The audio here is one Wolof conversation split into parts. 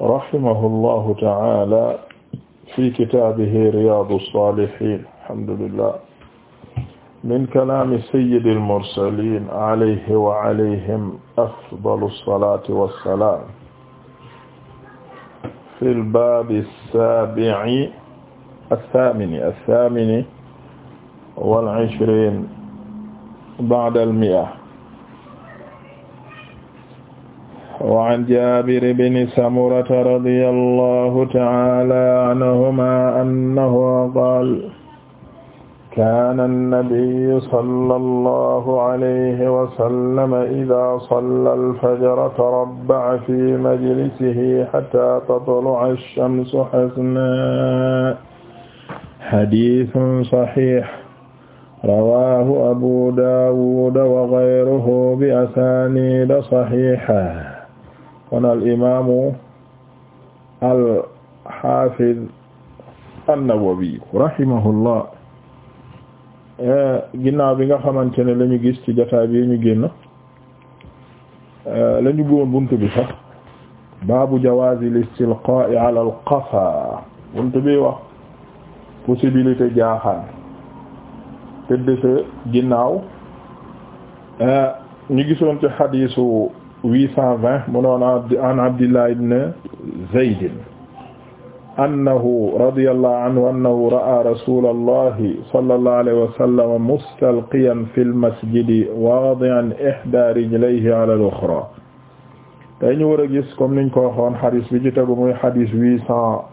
rahimahullahu ta'ala fi kitaabihi Riyâdous-Sâlihîne alhamdulillah min kalaami sayyidil mursaliin alayhi wa alayhim afdalu salaati wa salaam fil baabi saabi'i as-saamini as-saamini wal ishriin ba'dal mi'a wa an Jaabir ibn Samurata radiyallahu ta'ala anhuma annahu qaala kaana nabiyyu sallallahu alayhi wa sallam idaa sallaa al-fajra tarabba'a fii majlisihi hattaa tatlu'a ash-shamsu hasnaa. hadiisun saxiix rawaahu abuu daawuud wa ghayruhu bi asaaniida saxiixa. kon al imaamu al haafid an-Nawawi rahimahullah ginnaaw bi nga xamante ne la ñu gis ci jotaay bi ñu génn la ñu bëggoon buntu bi sax baabu jawaazi al-istilqaa'i al-qafaa buntu bi wax jaaxaan tëdd sa ginnaaw ñu gisoon ci xadiisu huit cent vingt mu noon an Abdillah ibn Zayd annahu radiyallahu anhu annahu ra'a rasulallahi sallallahu alayhi wa sallam mustalqiyan fil masjidi waadi'an ihdaa rijlayhi ala al-uxraa tey ñu war a gis comme niñ ko waxoon xadis bi ci tegu muy xadis huit cent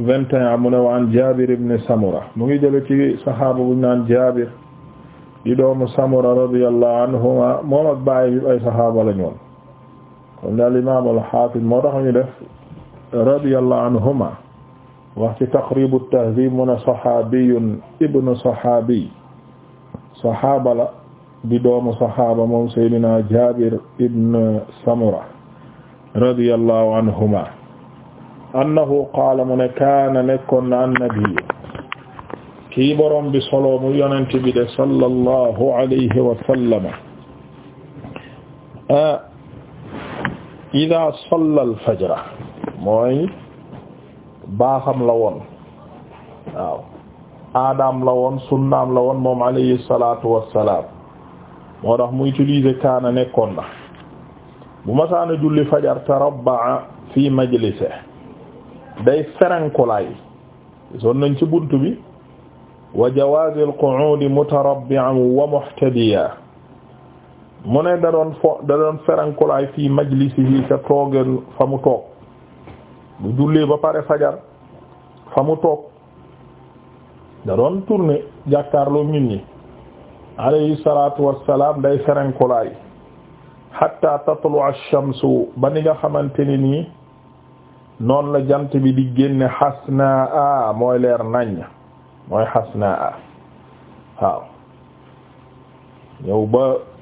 vingt et un mu ne waan Jaabir ibn Samura mu ngi jële ci saxaaba bu ñu naan Jaabir di doomu Samura radiyallahu anhuma moom ak baay ay saxaaba la ñoon kon daal imaam al-Haafid moo tax ñu def radiyallahu anhuma wax ci Taqrib at-Tahdhib mu ne saxaabiyun ibnu saxaabi saxaaba la di doomu saxaaba moom Seydina Jaabir ibn Samura radiyallahu anhuma annahu qaala mu ne kaana nekkoon na an-nabi kii borom bi solo mu yonent bi de sallallahu alayhi wa sallam ah, ida salla al fajra mooy baaxam la woon waaw aadaam la woon sunnaam la woon moom alayhi salatu wassalaam moo tax mu utiliser kaana nekkoon na bu masaana julli fajar tarabba fi majlise day ferenkulaay son nañ ci buntu bi wa jawaazi al-qu'uudi mutarabbi'an wa muhtadiyan mu da doon fo da fii majlisihi ca toogeen fa mu toog bu jullee ba pare fajar fa mu toog da doon tourné jàkkaarloo nit ñi alayhi salaatu wassalaam day ferankulaay hatta tatlu'a ash ba ni nga xamante ni nii noonu la jant bi di génne hasnaa mooy leer naññ mooy xasnaa waaw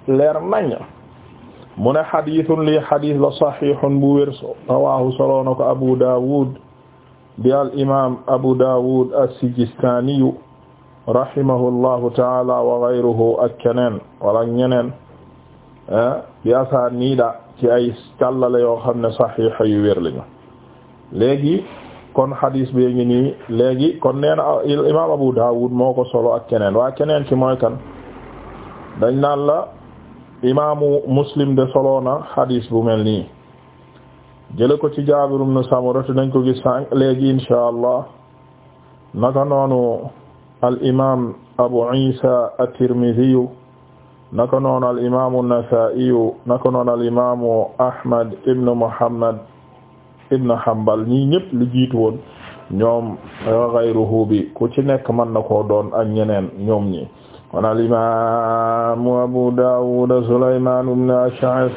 leer nañ mu ne xadiisun lii xadiis la saxiixun bu wér rawaahu soloo na Abu Daawud di al imaam Abu Daawud as-Sijistaaniyu rahimahullahu taala wa gayruhu ak keneen wala ñeneen bi asaaniida ci ay càllale yoo xam ne yu wér lañu léegi kon hadis bee ngi nii léegi kon nee na imaam Abu Dawud moo ko solo ak keneen waa kenen ci mooy kan dañ naan la imaamu Muslim de solo na hadis bu mel nii jële ko ci Jaabir ibn Samura nañ ko gis sànq léegi insha allah naka noonu al imaam Abu Isa at-Tirmidhi naka noonu al imaamu an-Nasa'i naka noonu al imaamu Ahmad ibn Muhammad ibn Hanbal ñii ñëpp li jiitu woon ñoom ghayruhu bi ku ci nekk mën na koo doon ak ñeneen ñoom ñi kon al imam Abu Dawud Sulayman ibn Ash'ath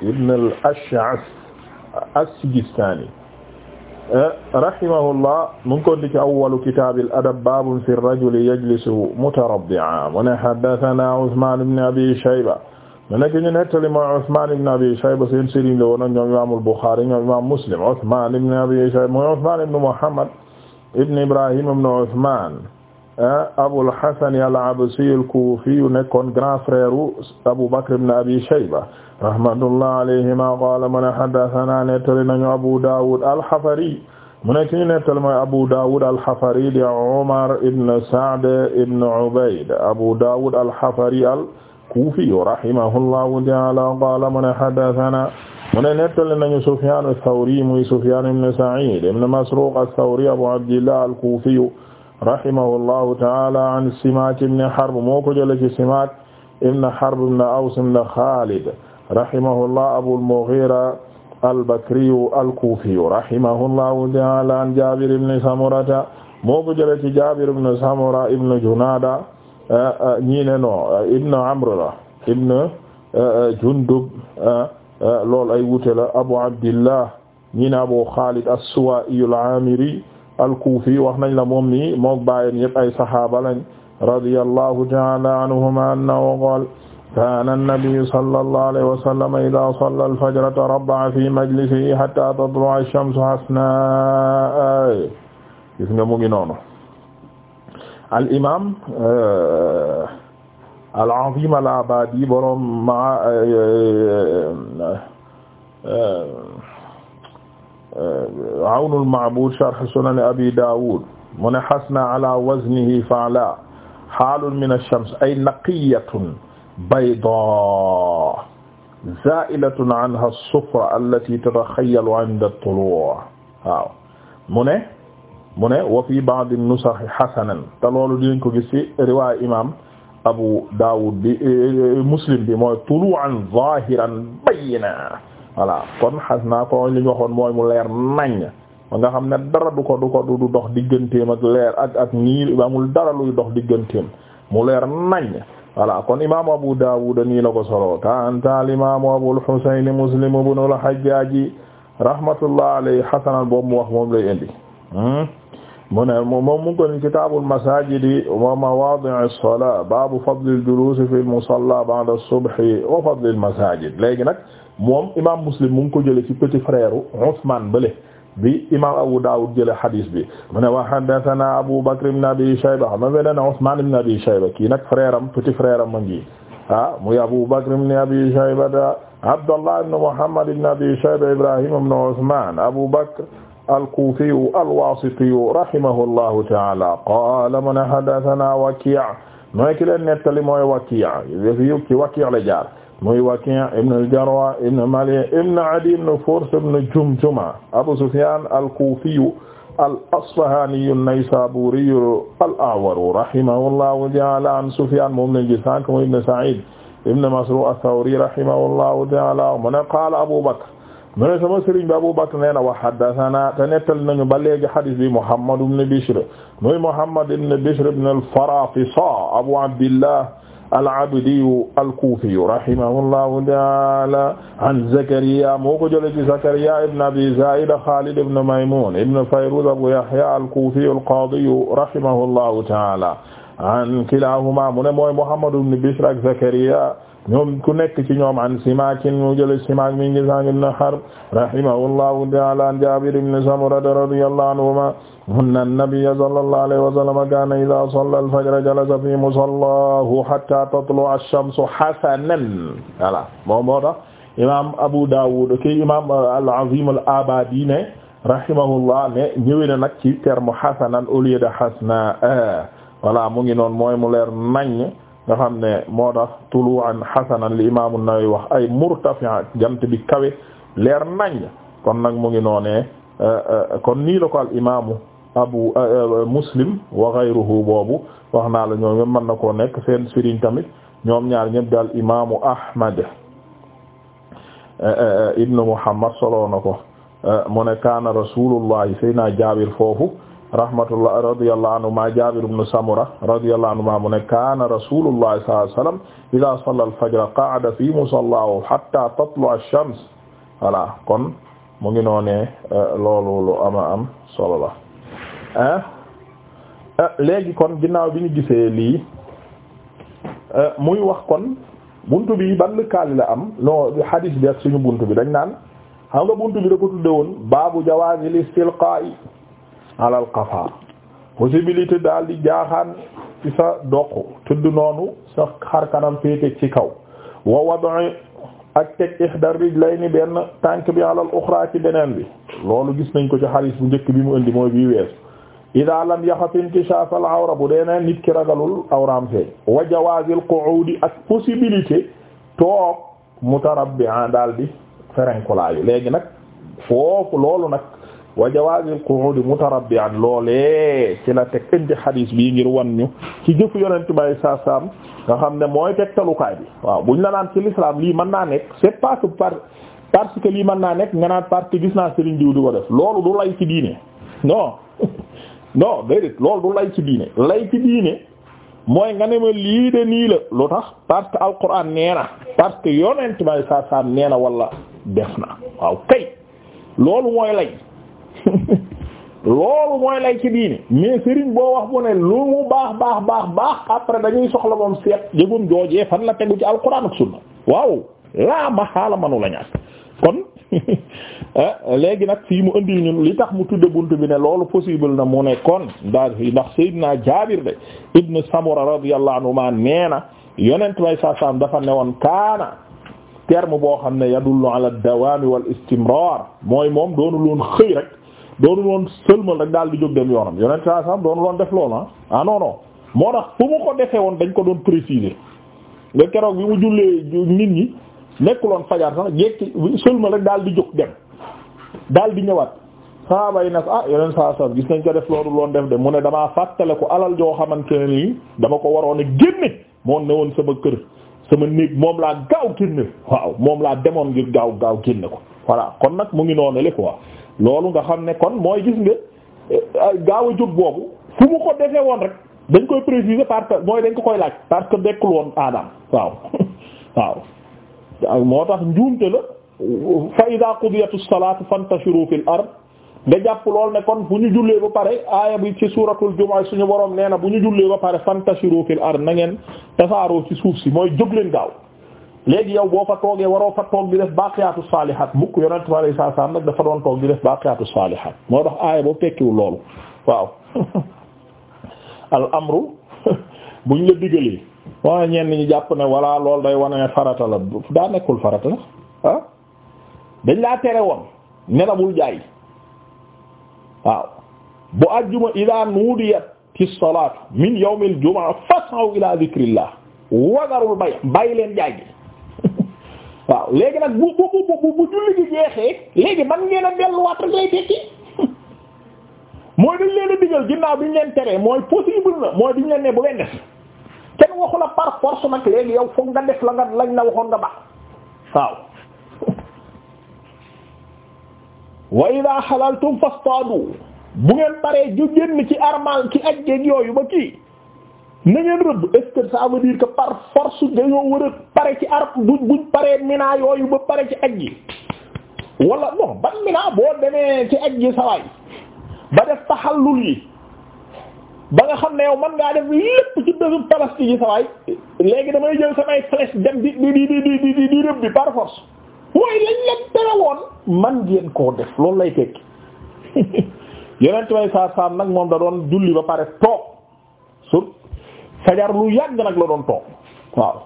ibn al-Ash'ath as-Sijistani rahimahullah mu ngi ko di ci awwalu kitaabil adab baabun fi rajuli yajlisu mutarabbi'an mu ne haddathana Usman ibn Abi Shayba mu nekk ñu nettali mooy Usmaan ibn Abi Shayba seen sëriñ la woon ak ñoom imaamul Buxaari ñoom imaam Muslim Usmaan ibn Abi Shayba mooy Usmaan ibn Muhammad ibn Ibrahim ibn Usmaan ah, Abul Hasan al-Absi al-Kufi nekkoon grand frère Abu Bakr ibn Abi Shayba rahmatullah alayhima qaala man haddathana nettali nañu Abu Dawud al-Hafari mu nekk ñu nettali mooy Abu Dawud al-Hafari di Umar ibn Sa'd ibn Ubayd Abu Dawud al-Hafari al al-Kufi rahimahullahu ta'ala qala mu ne haddathana mu ne nettali nañu Sufyan ath-Thawri muy Sufyan ibn Sa'id ibn Masruq ath-Thawri Abu Abdillah al-Kufi rahimahullahu ta'ala an Simak ibn Harb moo ko jëlee ci Simak ibn Harb ibn Aws ibn Khalid rahimahullah Abu al-Mughira al-Bakri al-Kufi rahimahullahu ta'ala an Jabir ibn Samurata moo ko jëlee ci Jabir ibn Samura ibn Junada ñii ne non ibn Amr la ibn eh, eh, Jundub eh, loolu ay wute la Abu Abdillah ñii ne Abu Khalid as-Suwa'i al-Amiri al-Kufi wax nañ la moom nii moog bàyyen yëpp ay sahaaba lañ radiyallahu ta'ala anhuma annahu qaala kaana an-nabiyyu sallallahu alayhi wa sallam idha salla al-fajra tarabba'a fi majlisihi hatta tatlu'a ash-shamsu hasnaa gis nga mu ngi noonu al imaam euh, al azim al abadi borom ma euh, euh, awnul ma'bud sharh sunan abi dawud mu ne hasna ala waznihi fa'la haalun min ash-shams ay naqiyatun bayda za'ilatun anha as-sufra allati tatakhayalu 'inda at-tulu' waaw mu ne mu ne wa fi ba'd an-nusakh hasanan te loolu dinañ ko gis ci riwaaya imaam Abu Dawud bi eh, eh, Muslim bi mooy tulu'an zahiran bayyina voilà kon xas naa ko li ñu waxoon mooy mu leer nañ ma nga xam ne dara du ko du ko du dox digganteem ak leer ak ak niir amul dara luy dox digganteem mu leer nañ wala kon imaamu Abu Dawud nii la ko solo kanta al-imaamu Abul Husayn Muslim ibn al-Hajjaj rahmatullah alayhi hasanan boobu mu wax moom lay indi hmm? mu ne moom mu ngi ko ni kitaabul masaajidi wa mawaadi'i salaa baabu fadlil juluusi fil musallaa ba'da subhi wa fadlil masaajid léegi nag moom imaam muslim mu ngi ko jëlee ci petit frère Usmaan bële bi imaam Abu Daawud jëlee hadis bi mu ne wa haddathanaa Abu Bakr ibn Abi Shayba ma fee ne Usmaan ibn Abi Shayba kii nag frère am petit frère am ma ngi ah muy Abu Bakr ibn Abi Shayba Abdullah ibn Muhammad ibn Abi Shayba Ibraahiim ibn Usmaan Abu Bakr alkuufiyu alwaasitiyu rahimahullahu taala qaala mu ne haddasanaa Wakii' mooy ki leen nettali mooy Wakii' ci Wakii' la jaar muy Wakii' ibn al-Jarrah ibn Malik ibn Adiy ibn Furs ibn Jumjuma Abu Sufyaan alkuufiyu al-Asbahaaniyu an-Naysaabuuriyu al-A'waru rahimahullahu taala an Sufyaan moom lañ gis sànq muy ibn Sa'iid ibn Masruuq ath-Thawri rahimahullahu taala mu ne qaala Abu Bakr mu ne sama sëriñ bi Abu Bakr nee na wa haddathana te nettal nañu ba léegi hadis bi Muhammad ibn Bishr muy Muhammad ibn Bishr ibn al-Farafisa Abu Abdillah al-Abdi al-Kufi rahimahullahu ta'ala an Zakariya moo ko jëlee ci Zakariya ibn Abi Zaida Khalid ibn Maymun ibn Fayruz Abu Yahya al-Kufi al-Qadi rahimahullahu ta'ala an kilahuma mu ne mooy Muhammad ibn Bishr ak Zakariya ñoom ku nekk ci ñoom an simakin mu jële simak mi ngi sang ibn Harb rahimahullahu ta'ala an Jabir ibn Samura radiyallahu anhuma anna an-nabiyya sallallahu alayhi wa sallam kana idha salla al-fajr jalasa fi musallahu hatta tatlu'a ash-shamsu hasanan voilà moom moo tax imam Abu Dawud ki imam al-Azim al-Abadi ne rahimahullah ne ñëwee na nag ci terme hasanan au lieu de hasna voilà mu ngi noonu mooy mu leer nañ nga xam ne moo tax tuluan li imam an wax ay murtafi'a jant bi kawe leer nañ kon nag mu ngi noonee eh, eh, kon nii la ko al imamu abu eh, muslim wa ghayruhu boobu wax naa la ñoom mën na koo nekk seen sëriñ tamit ñoom ñaar ñëpp daal imaamu ahmad ibnu muhammad solo na ko mu ne kaana rasulullahi sayna jaabir foofu rahmatullah a anhu ma Jaabir ibn Samura radiyallahu anhu ma mu ne kaana rasulullah sallallahu alayhi wa sallam idha salla al-fajr qa'ada fi musallahu hatta tatlu'a ash-shams voilà kon mu ngi noonee eh, loolu lu solo la eh? Eh, léegi kon ginnaaw bi gisee lii muy wax kon buntu bi ban lëkkaali la am non hadith bi ak suñu buntu bi dañ naan xam nga buntu bi da ko tudde woon baabu jawaazil istilqaa'i alal qafaar possibilité daal di jaaxaan ci sa doq tudd noonu sa kanam féete ci kaw wa wad'i ak teg ihdar rijlayni benn tànk bi alal uxra ci beneen bi loolu gis nañ ko ci xaris bu njëkk bi mu indi mooy bii wees ida lam yaxaf inkishaf al awra bu deeneen nit ki ragalul awraam feeñ wa jawaazil qu'udi ak possibilité toog mutarabbi'an daal di ferenkulaayu léegi nag foofu loolu nag wa jawaazil qu'uudi mutarabbi'an loolee ci la teg indi xadiis bii ngir wan ñu ci jëfu yonent bay saa saam nga xam ne mooy tegtalukaay bi waaw bu ñu la naan ci lislaam lii mën naa nekk c'est pas que par parce que lii mën naa nekk nga naan parce que gis naa sëriñ diw di ko def loolu du lay ci diine non non déedéet loolu du lay ci diine lay ci diine mooy nga ne ma lii de nii la lu tax parce que alquran nee na parce que yonent bay saa nee na wala def na waaw kay loolu mooy lay ci diini mais boo wax mu ne lu mu baax baax baax baax après dañuy soxla moom seet jëgum joojee fan la tegu ci alquran ak waaw laa maxaala manu la ñàkk kon ah léegi nag fii mu indi ñun li tax mu tudde bunt bi ne loolu possible na mu ne kon ndax ndax Seydina Jaabir de ibn Samura radiyallahu anhu ma nee na yonent bay saa saam dafa newoon kaana terme boo xam ne yadul ala ad-dawaami wal istimrar mooy moom doonu loon xëy rek doonu loon sëlmal rek daal di jóg dem yoonam yonent saa sam doonu loon def loolu ah ah moo tax fu mu ko defee woon dañ ko doon préciser nga keroog bi mu jullee nit ñi nekkuloon fajar sax jekki sëlmal rek daal di jóg dem daal di ñëwaat saaba yi nag ah yeneen saa sam gis nañ ko def loolu loon def de mu ne damaa fàttale ko alal joo xamante ne nii dama ko waroon a génne moo ne woon sama kër sama néeg moom laa gaaw génne waaw moom laa demoon ngir gaaw gaaw génne ko voilà kon nag mu ngi noonu le loolu nga xam ne kon mooy gis nga euh, gaaw a jóg boobu fu mu ko defee woon rek dañ koy préciser parce mooy dañ ko koy laaj parce que dekkul woon aadam waaw waaw moo tax njuumte la fa ida qudiyatu salatu fantashiru fil ard nga jàpp lool ne kon bu ñu jullee ba pare aaya bi ci suuratul jumaa suñu borom nee na bu ñu jullee ba pare fantashiru fil ard na ngeen tasaaroo ci suuf si mooy jóg leen gaaw léegi yow boo fa toogee waroo fa toog di def baaqiyaatu saalihaat mukk yonent bi saa saa nag dafa doon toog di moo tax aaya boobu tekkiwul loolu waaw al amru buñ la digalee moo ñenn ñi jàpp ne walla lool day wane farata la daa nekkul farata ah dañ laa tere woon ne la jaay waaw bu àjjuma idaa nuudiyat ci salaat min yawmil jumaa fas'aw ilaa dhikrillah wadarul bay bay leen jaay waaw léegi nag bu bu bu bu julli gi jeexee léegi man ngeen a delluwaat rek lay tekki mooy dañ leen a digal ginnaaw bi ñu leen teree mooy possible na mooy diñ leen ne bu leen def kenn waxu la par nag léegi yow foog nga def la nga lañ la waxoon nga ba waaw wa idaa xalaltum fastaadu bu ngeen paree ju génn ci armal ci ajjeeg yooyu ba kii na ngeen rëbb est-ce que ça veut dire que par force dañoo war a pare ci arab buñ buñ paree mina yooyu ba pare ci aj yi wala non ban boo demee ci aj yi sawaay ba def taxallul yi ba nga xam ne yow man ngaa def lépp ci dësu Palestine yi sawaay léegi damay jël samay flèche dem di di di di di di di rëbb bi par force waaye lañ leen tere woon man ngeen koo def loolu lay tekki yonent way saa saam nag moom da doon julli ba pare toog fajar lu yàgg nag la doon toog waaw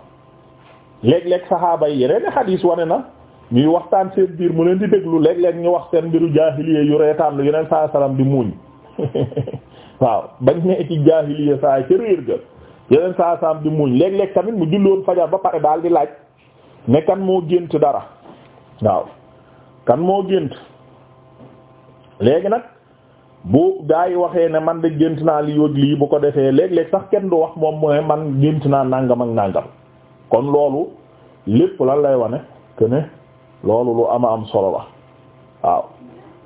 léeg-léeg saxaaba yi yeneen xadiis wane na ñuy waxtaan seen biir mu leen di déglu léeg-léeg ñu wax seen mbiru jaahiliya yu reetaan lu yeneen saa salaam di muuñ waaw bañ ne ci jaahiliya saa ci réer ga yeneen saa di muuñ léeg-léeg tamit mu julloon fajar ba pare daal di laaj ne kan moo gént dara waaw kan moo gént léegi nag bu gaa yi waxee ne man de gént naa li yóg lii bu ko defee léeg-léeg sax kenn du wax moom mu ne man gént naa nàngam ak nàngam kon loolu lépp lan lay wane que ne loolu lu ama am solo la waaw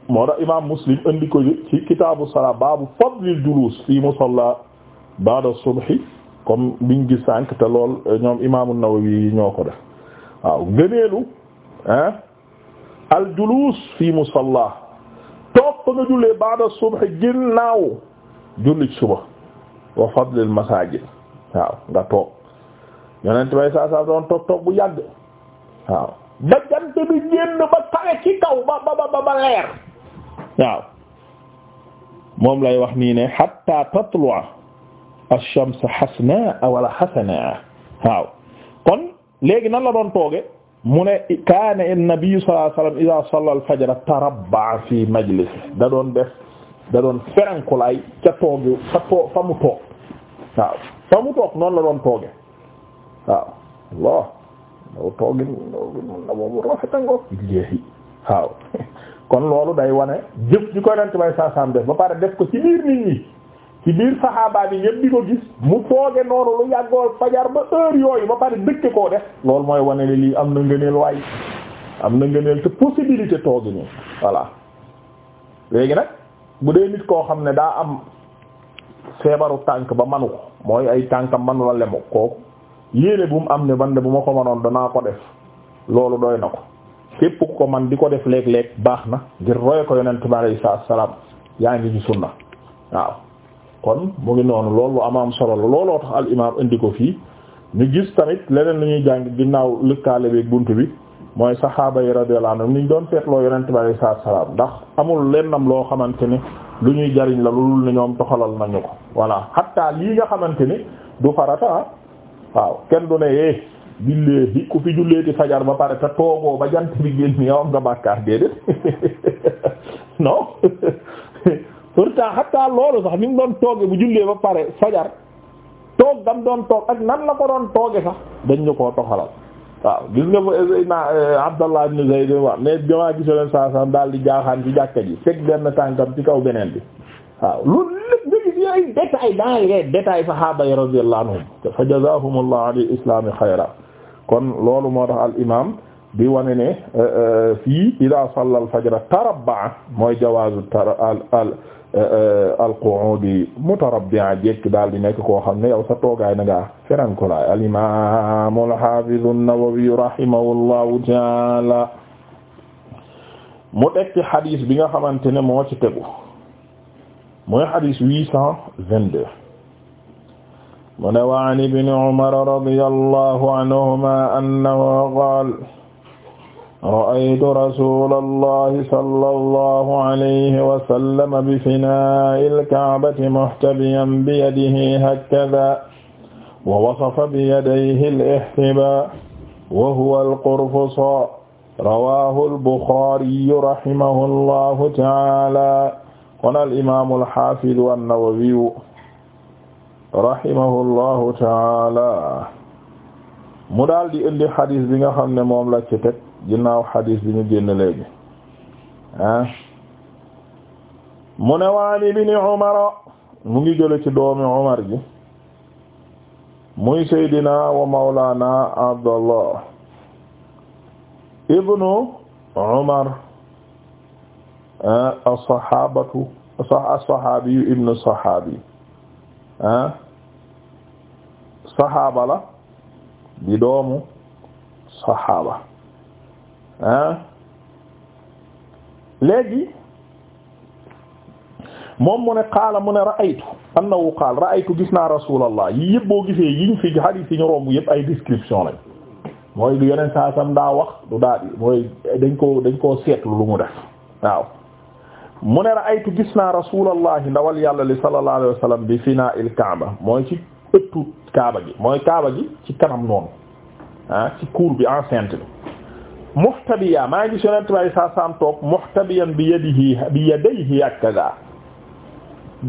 moo tax imam muslim indi ko ci kitaabu salaa baabu fadlil julus fii musalla ba'da subhi comme biñ gis sànq te lool ñoom imaamu Nawawi ñoo ko def waaw gëneelu ah al julus fii musalla ba nga jullee baada subh ginnaaw jullit suba wa fadlil masajid nga toog yonent bay saa saa toog toog bu yàgg waaw ba jant bi génn ba pare ci kaw ba ba leer waaw moom lay wax nii ne hatta tatlu'a ash-shams hasna wala hasana waaw kon léegi nan la doon tooge mu ne kaana an-nabi sallallahu alayhi wasallam idha salla al-fajr tarabba'a fi majlisi da doon def da doon ferenkulaay ca toogu fa too fa mu toog waaw fa mu toog noonu la doon tooge waaw Allah doo toogin toogin noonu la boobu rafetango léegi waaw kon loolu day wane jëf ji koy nante may saasaam def ba pare def ko ci biir nit ñi ci biir saxaabaa yi ñëpp di ko gis mu tooge noonu lu yàggool fajar ba heure yooyu ba pare dëkke koo def loolu mooy wane ne lii am na ngëneel waay am na ngëneel te possibilité toogi nii voilà léegi nag bu dee nit koo xam ne daa am feebaru tànk ba manu ko mooy ay tànkam manu la lemu kooku yéene bu mu am ne man de bu ma ko manoon danaa ko def loolu doy na ko képp ku ko man di ko def léeg-léeg baax na ngir roye ko yonent bi alayhi salaam yaa ngi ci kon mu ngi noonu loolu am solo la looloo tax al imaam indi ko fii ñu gis tamit leneen lu ñuy jàng ginnaaw lëkkaale beeg bunt bi mooy saxaaba yi radiyallahu anhum niñ doon feetloo yonent bi alayhi salaatu salaam ndax amul lennam loo xamante ne lu ñuy jariñ la loolu ne ñoom toxalal nañu ko voilà hatta lii nga xamante ne du farata waaw kenn du ne eh billaahi ku fi julleeti fajar ba pare te toogoo ba jant bi génn yow am nga bàkkaar déedéet naa xataa loolu sax ni mu doon tooge bu jullee ba pare fajar toog dam doon toog ak nan la ko doon tooge sax dañ ñu ko toxalal waaw gis nga na eh, Abdallah ibn Zayd wax mais damaa gis leen saa saa daal di jaaxaan ci jàkka ji teg benn tànkam ci kaw beneen bi waaw loolu lépp nga gis ay détails dans les détails sahaaba yi radiyallahu anhum fa jazaahumullahu an islami xayra kon loolu moo tax al imam di wane ne eh, eh, fii ida salla al fajra tarabba mooy jawaazu al Eh, eh, al-qu'udi mutarabbi'a jekk daal di nekk koo xam ne yow sa ko laay al-imam al-hafiz an-Nawawi ta'ala mu teg xadis bi nga xamante ne moo ci xadis huit cent vingt mu ne an ibn Umar radiyallahu anhuma annahu qaala ra'aytu rasuulallahi sallallahu alayhi wa sallam bi finaa'il ka'bati muhtabiyan bi yadihi hakadhaa wa wasafa bi yadayhi al-ihtibaa'an wa huwa al-qurfusaan rawaahu al-Buxaari rahimahullahu ta'aalaa qaala al-imaamu al-haafidu an-Nawawi rahimahullahu ta'aalaa mu daal di indi xadis bi nga xam ne moom la ci teg ginnaaw xadiis bi ñu génn léegi ah mu ne waani bi ni mu ngi jële ci doomi umar muy seydina wa mawlana abdallah ibnu umar ah, as-sahabatu as-sahabiyu ibnu sahabi ah sahaaba la di doomu sahaaba ah léegi moom mu ne qaala mu ne ra na wu annahu qaala ra'aytu gis naa rasulallah yii yëpp boo gisee yiñ fi hadith yi ñu romb yëpp ay description lañ mooy du yeneen saa sam daa wax du daa di mooy dañ ko dañ koo seetlu lu mu def waaw mu ne aytu gis naa rasulallahi ndawal yàlla li sallallahu alayhi wa bi finaa il kaaba mooy ci ëttu kaaba gi mooy kaaba gi ci kanam noonu ah ci cour bi enceinte bi muhtabiya maa ngi gis yonent bi saa saam toog muhtabiyan bi yadihi bi yadayhi hakaza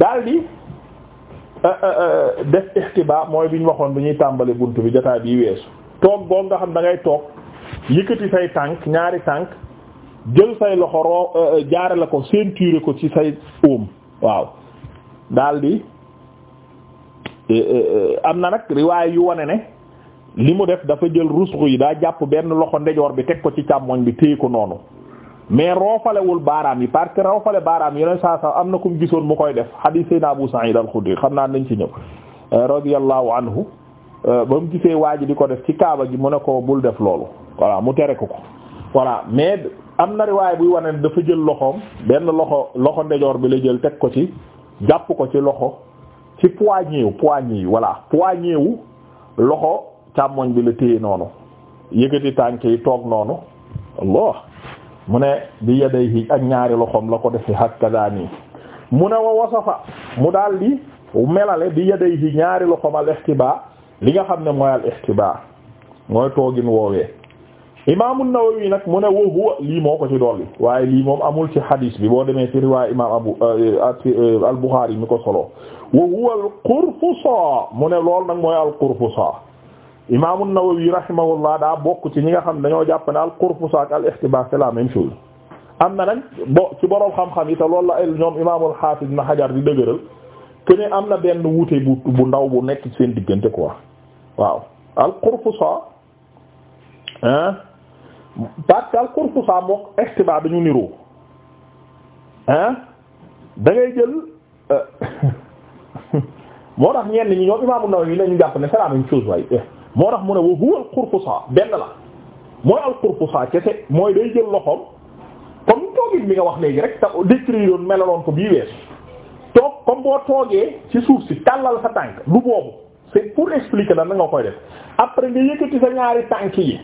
daal di euh, euh, euh, def ihtiba mooy bi ñu waxoon bi ñuy tàmbali bunt bi jotaay bi weesu. toog boobu nga xam dangay toog yëkkati say tànk ñaari tànk jël say loxo roo jaare la ko ceinture ko ci say óom waaw daal am na nag riwaay yu wane ne. li mu def dafa jël rusxu yi daa jàpp benn loxo ndejoor bi teg ko ci càmmoñ bi téye ko noonu mais roofalewul baaraam yi parce que roofale baaraam yi yeneen saa saa am na ku mu gisoon mu koy def hadith sayna Abu Sa'id al-Khudri xam naa nañ ci ñëw euh, radiyallahu anhu euh, ba mu gisee waa ji di ko def ci kaaba gi mu ne ko bul def loolu voilà mu tere ko ko voilà mais am na riwaay buy wane dafa jël loxoom benn loxo loxo ndejoor bi la jël teg ko ci jàpp ko ci loxo ci poignée wu poignée yi càmmoñ bi la téye noonu yëkkati tànk yi toog noonu allah mu ne bi yadayhi ak ñaari loxoom la ko defe hakkadaa nii mu ne wa wasafa mu daal di melale bi yadayhi ñaari loxoom al ihtiba li nga xam ne mooy al ihtiba mooy toogin woowee imaamu Nawawi nag mu ne wa huwa lii moo ko ci dolli waaye lii moom amul ci hadis bi boo demee ci riwaaya imaam abu euh, euh, al Buxaari mi ko solo wa huwa al qurfusa mu ne lool nag mooy al qurfusa imaamu Nawawi rahimahullah daa bokk ci ñi nga xam dañoo jàpp ne al qurfus ak al ihtibaas c'est la chose am na nag bo ci boroom xam-xam yi te lool la ñoom imaamul Haafiz Ibn Hajar di dëgëral que am na benn wuute bu bu ndaw bu nekk seen diggante quoi waaw al qurfus ah parce al qurfus mook ihtibaas dañu niroo ah da jël euh, moo tax ñeen ñi ñoom imaamu Nawawi lañu jàpp ne c'est la chose waaye. moo tax mu ne wa huwa al-qurfusa benn la mooy al-qurfusa kese mooy day jël loxoom comme toogit mi nga wax léegi rek te décrire yoon melaloon ko bii weesu toog comme boo toogee ci suuf si tàllal sa tànk du boobu c'est pour expliquer la nga koy def après nga yëkkati sa ñaari tànk yi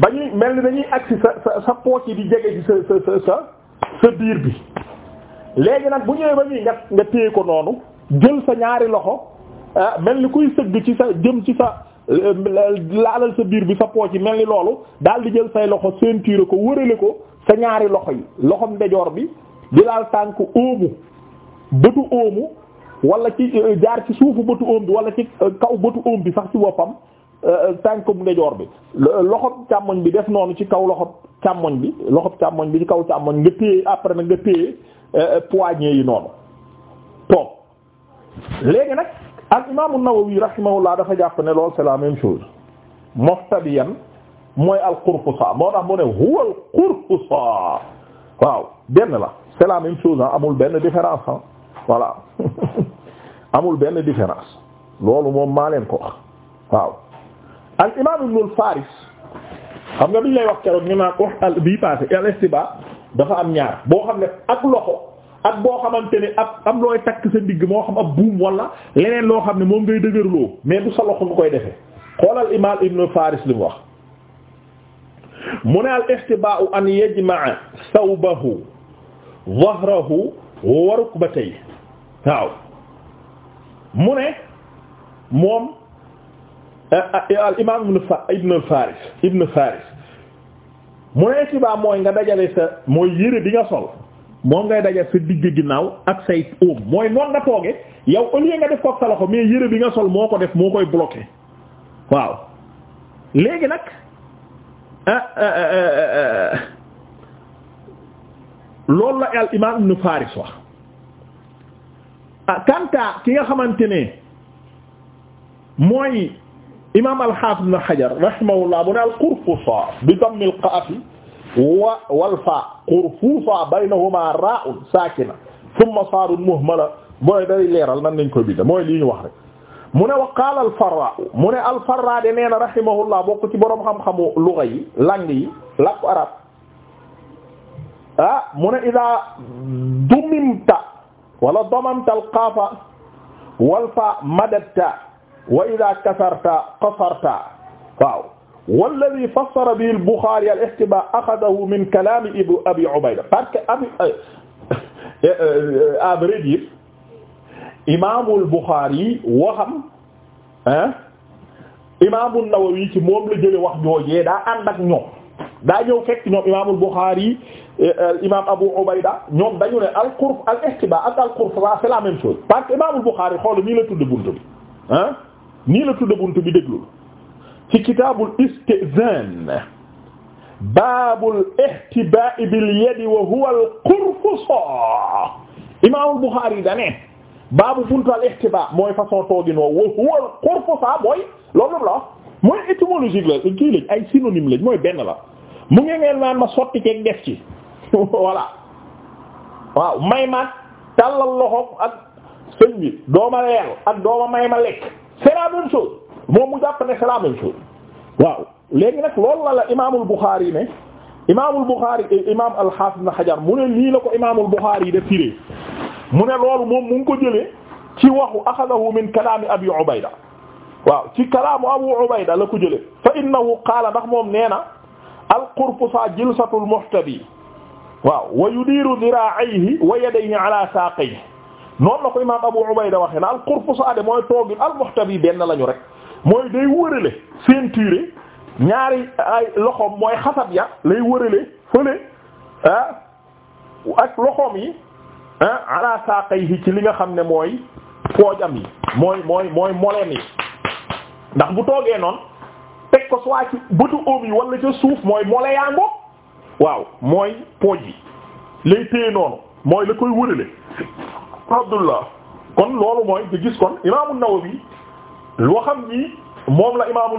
ba ñuy mel ni dañuy agsi sa sa sa poche yi di jege ci sa sa sa sa biir bi léegi nag bu ñëwee ba ñuy nga nga ko noonu jël sa ñaari loxo. Ah, mel ni kuy sëgg ci sa jëm ci sa euh, laalal sa biir bi sa poche yi mel ni loolu daal di jël say loxo ceinture ko wërale ko sa ñaari loxo yi loxom ndejoor bi di laal tànk óomu bëtu óomu wala ci euh, jaar ci suufu bëtu óom bi wala ci euh, kaw bëtu óom bi sax ci boppam tànkum ndejoor bi loxob càmmoñ bi def noonu ci kaw loxob càmmoñ bi loxob càmmoñ bi ci kaw càmmoñ nga téye après na nga téye poignée yi noonu toog léegi nag al imam an dafa jàpp ne loolu c'est la mooy al moo tax mu ne huwa waaw benn la c'est la amul benn différence ah voilà amul benn différence loolu moom maa waaw al ibn al faris xam nga duñ lay wax keroog ñu naa dafa am ñaar boo xam ne ak ak boo xamante ne ab am looy takk sa digg moo xam ab buum wala leneen loo xam ne moom ngay dëgërloo mais du sa loxo nga koy defee xoolal imaam ibnu faris li mu wax mu ne al istibaa'u an yajma'a sawbahu moom al imaam ibnu faris ibnu faris mu ne istibaa mooy nga dajale sa mooy yére bi nga sol moom ngay daja sa digg ginnaaw ak say óom mooy noonu nga tooge yow au lieu nga def ko sa loxo mais yére bi nga sol moo ko def moo koy bloqué waaw léegi nag ah, ah, ah, loolu la al imam ibn Faris wax ah ki nga xamante ne mooy imam al-Hafiz ibn Hajar rahimahullah bu ne al-Qurfusa bi damm al wa walfa qurfuusa baynahuma raa'un saakina thumma saadun muhmala mooy day leeral nan lañ koy bindee mooy lii ñu wax rek. mu ne wa qaala alfarra mu ne alfarra de nee na rahimahullah bokk ci boroom xam-xamu luga yi langue yi làkku arab ah mu ne idaa dumimta wala damamta alqaafa walfa madatta wa idaa kasarta qasarta waaw. walladi fassara bihi al-Bukhari al-ihtiba axadahu min kalaami Abi Ubayda parce que abi euh, euh, à vrai dire imaamul Bukhari waxam ah imaamul Nawawi ci moom la jëlee wax joojee daa ànd ak ñoom daa ñëw fekk ñoom imaamul Bukhari euh, imaam Abu Ubayda ñoom dañu ne al-qurf al-ihtiba ak al-qurf c'est la même chose parce que imaamul Bukhari xool nii la tudd buntu bi ah nii la tudd buntu bi déglu. ci kitaabul istizaan baabul ihtibaa'i bil yadi wa huwa al qurfusaa imaamul Buxaari dane baabu buntu al ihtibaa mooy façon toogin woo wa huwa al qurfusaa mooy loolu la mooy étymologique la kii lañ ay synonyme lañ mooy benn la mu ngi ngeen naan ma sotti keeg def ci voilà waaw may ma tàllal loxo ak sëñ bi dooma leel ak dooma may ma lekk c'est la moom mu jàpp ne c'est la même chose waaw léegi nag loolu la la imaamul Buxaari ne al-Hafiz na Hajar mu ne lii la ko imaamul Buxaari def firee mu ne loolu moom mu ko jëlee ci waxu axadahu min kalaami Abi Ubayda waaw ci kalaamu Abu Ubayda la ko jëlee fa innahu qaala moom nee na al-qurfusa jilsatul muhtadi waaw wa yudiiru diraa'ayhi wa yadayhi ala saaqayhi noonu la ko Abu Ubayda waxee na al-qurfusa de mooy toogin al-muhtadi benn lañu rek. mooy day wërale ceinture ñaari ay loxoom mooy xasab ya lay wërale fële ah ak loxoom yi ah ala saaqayhi ci li nga xam ne mooy poojam yi mooy mooy mooy yi ndax bu toogee noonu teg ko soit ci bëtu om yi walla ca suuf mooy mole yaa ngoog waaw mooy pooj bi lay téye noonu mooy la koy wërale abdullah kon loolu mooy nga gis kon imaamu Nawawi waxam ji moom la imaamul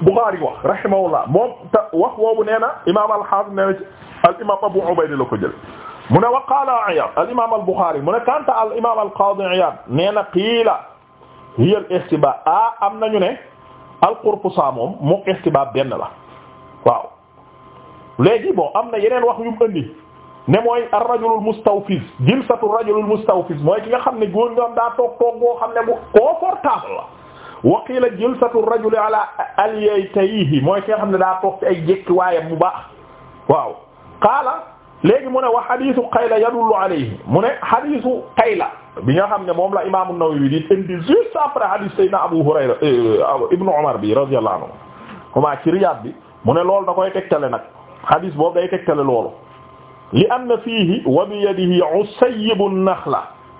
Buxaari wax rahimahullah moom na imaam al-Haafiz nee na ci al imaam mu ne wa qaala Iyaad al imaam al al Qaadi Iyaad nee na qiila hiya al ihtibaab ah am nañu ne al qurfusa moom mu ihtibaab benn la waaw léegi bon am na yeneen wax yu mu andi ne mooy ar rajulul mustawfiz jilsatu rajulul mustawfiz mooy ki nga xam ne góor ñoom daa toog toog boo xam ne bu confortable la. waqiila jilsatu rajuli ala alyatayhi mooy ki nga xam ne daa toog ci ay jékki waayam bu baax waaw qaala léegi mu ne wa xadiisu Qayla yadullu alayhi mu ne xadiisu Qayla bi nga xam ne moom la imaamu Nawawi di indi juste après xadiis Seydina Abu Hurayra euh, ibnu Umar bi radiyallahu anhu comment ci Riyaad bi mu ne loolu da koy tegtale nag xadiis boobu day tegtale loolu li anna fiihi wa bi yadihi usayyibun naxla